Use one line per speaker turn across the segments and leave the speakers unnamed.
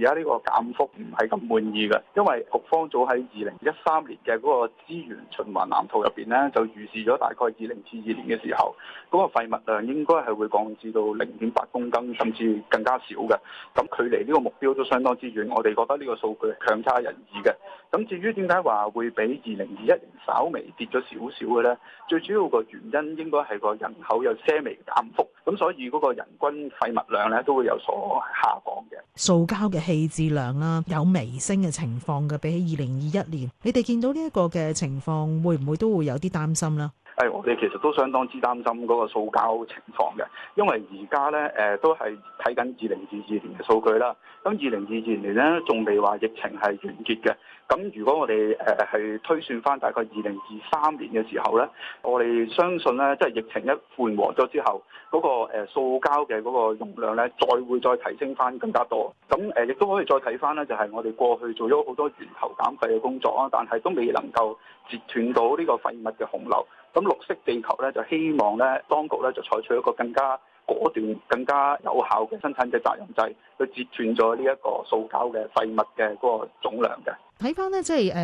而家呢個減幅唔係咁滿意嘅，因為局方早喺二零一三年嘅嗰個資源循環藍圖入邊咧，就預示咗大概二零二二年嘅時候，嗰個廢物量應該係會降至到零點八公斤，甚至更加少嘅。咁距離呢個目標都相當之遠，我哋覺得呢個數據強差人意嘅。咁至於點解話會比二零二一年稍微跌咗少少嘅咧？最主要個原因應該係個人口有些微減幅，咁所以嗰個人均廢物量咧都會有所下降嘅。
塑膠嘅棄置量啦、啊，有微升嘅情況嘅，比起二零二一年，你哋見到呢一個嘅情況，會唔會都會有啲擔心呢？
係，我哋其實都相當之擔心嗰個塑膠情況嘅，因為而家呢，誒都係睇緊二零二二年嘅數據啦。咁二零二二年呢，仲未話疫情係完結嘅。咁如果我哋誒係推算翻大概二零二三年嘅時候呢，我哋相信呢，即係疫情一緩和咗之後，嗰個誒塑膠嘅嗰個容量呢，再會再提升翻更加多。咁誒亦都可以再睇翻呢，就係我哋過去做咗好多源頭減廢嘅工作啊，但係都未能夠截斷到呢個廢物嘅洪流。咁綠惜地球咧就希望咧，當局咧就採取一個更加果斷、更加有效嘅生產者責任制，去截斷咗呢一個塑膠嘅廢物嘅嗰個總量嘅。
睇翻呢，即係誒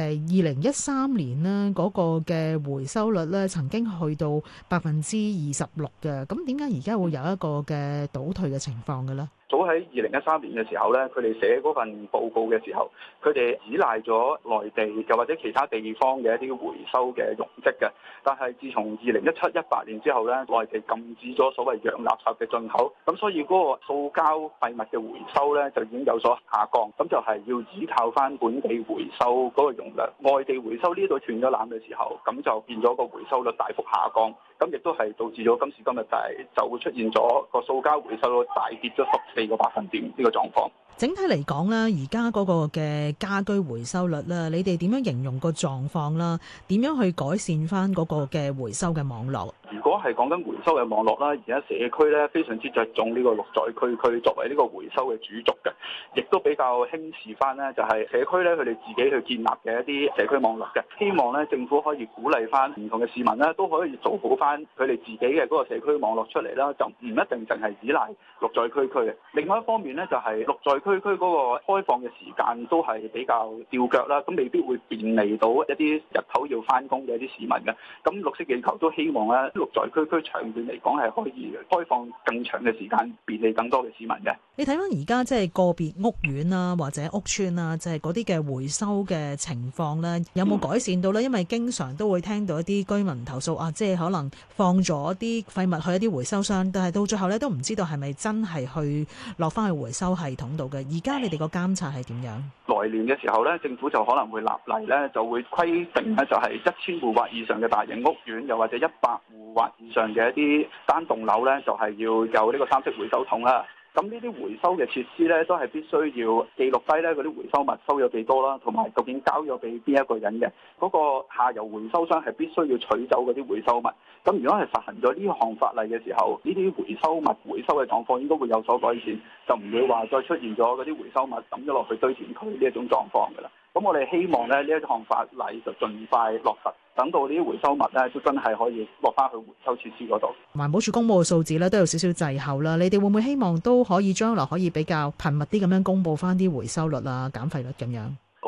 二零一三年呢嗰個嘅回收率咧曾經去到百分之二十六嘅。咁點解而家會有一個嘅倒退嘅情況嘅咧？
早喺二零一三年嘅時候咧，佢哋寫嗰份報告嘅時候，佢哋依賴咗內地又或者其他地方嘅一啲回收嘅容積嘅。但係自從二零一七一八年之後咧，內地禁止咗所謂洋垃圾嘅進口，咁所以嗰個塑膠廢物嘅回收咧就已經有所下降，咁就係要依靠翻本地回收。收嗰個容量，外地回收呢度斷咗纜嘅時候，咁就變咗個回收率大幅下降，咁亦都係導致咗今時今日就係就會出現咗個塑膠回收率大跌咗十四個百分點呢個狀況。
整體嚟講呢，而家嗰個嘅家居回收率咧，你哋點樣形容個狀況啦？點樣去改善返嗰個嘅回收嘅網絡？
如果係講緊回收嘅網絡啦，而家社區咧非常之着重呢個綠在區區作為呢個回收嘅主軸嘅，亦都比較輕視翻咧就係社區咧佢哋自己去建立嘅一啲社區網絡嘅。希望咧政府可以鼓勵翻唔同嘅市民咧，都可以做好翻佢哋自己嘅嗰個社區網絡出嚟啦，就唔一定淨係依賴綠在區區嘅。另外一方面咧，就係綠在區區嗰個開放嘅時間都係比較吊腳啦，咁未必會便利到一啲日頭要翻工嘅一啲市民嘅。咁綠惜地球都希望咧。六在區區長遠嚟講，係可以開放更長嘅時間，便利更多嘅市民
嘅。你睇翻而家即係個別屋苑啊，或者屋邨啊，即係嗰啲嘅回收嘅情況咧，有冇改善到咧？因為經常都會聽到一啲居民投訴啊，即係可能放咗啲廢物去一啲回收箱，但係到最後咧都唔知道係咪真係去落翻去回收系統度嘅。而家你哋個監察係點樣？
來年嘅時候咧，政府就可能會立例咧，就會規定咧，就係一千戶或以上嘅大型屋苑，又或者一百戶或以上嘅一啲單棟樓咧，就係要有呢個三色回收桶啦。咁呢啲回收嘅設施呢，都係必須要記錄低呢嗰啲回收物收咗幾多啦，同埋究竟交咗俾邊一個人嘅嗰個下游回收商係必須要取走嗰啲回收物。咁如果係實行咗呢項法例嘅時候，呢啲回收物回收嘅狀況應該會有所改善，就唔會話再出現咗嗰啲回收物抌咗落去堆填區呢一種狀況㗎啦。咁我哋希望咧，呢一項法例就盡快落實，等到啲回收物咧，都真係可以落翻去回收設施嗰度。
環保署公布嘅數字咧，都有少少滯後啦。你哋會唔會希望都可以將來可以比較頻密啲咁樣公佈翻啲回收率啊、減廢率咁樣？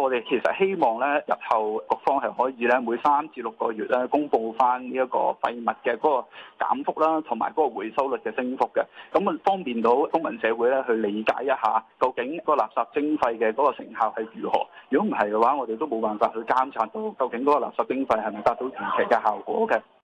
我哋其實希望咧，日後各方係可以咧，每三至六個月咧，公布翻呢一個廢物嘅嗰個減幅啦，同埋嗰個回收率嘅升幅嘅，咁啊方便到公民社會咧去理解一下，究竟個垃圾徵費嘅嗰個成效係如何？如果唔係嘅話，我哋都冇辦法去監察到究竟嗰個垃圾徵費係咪達到預期嘅效果嘅。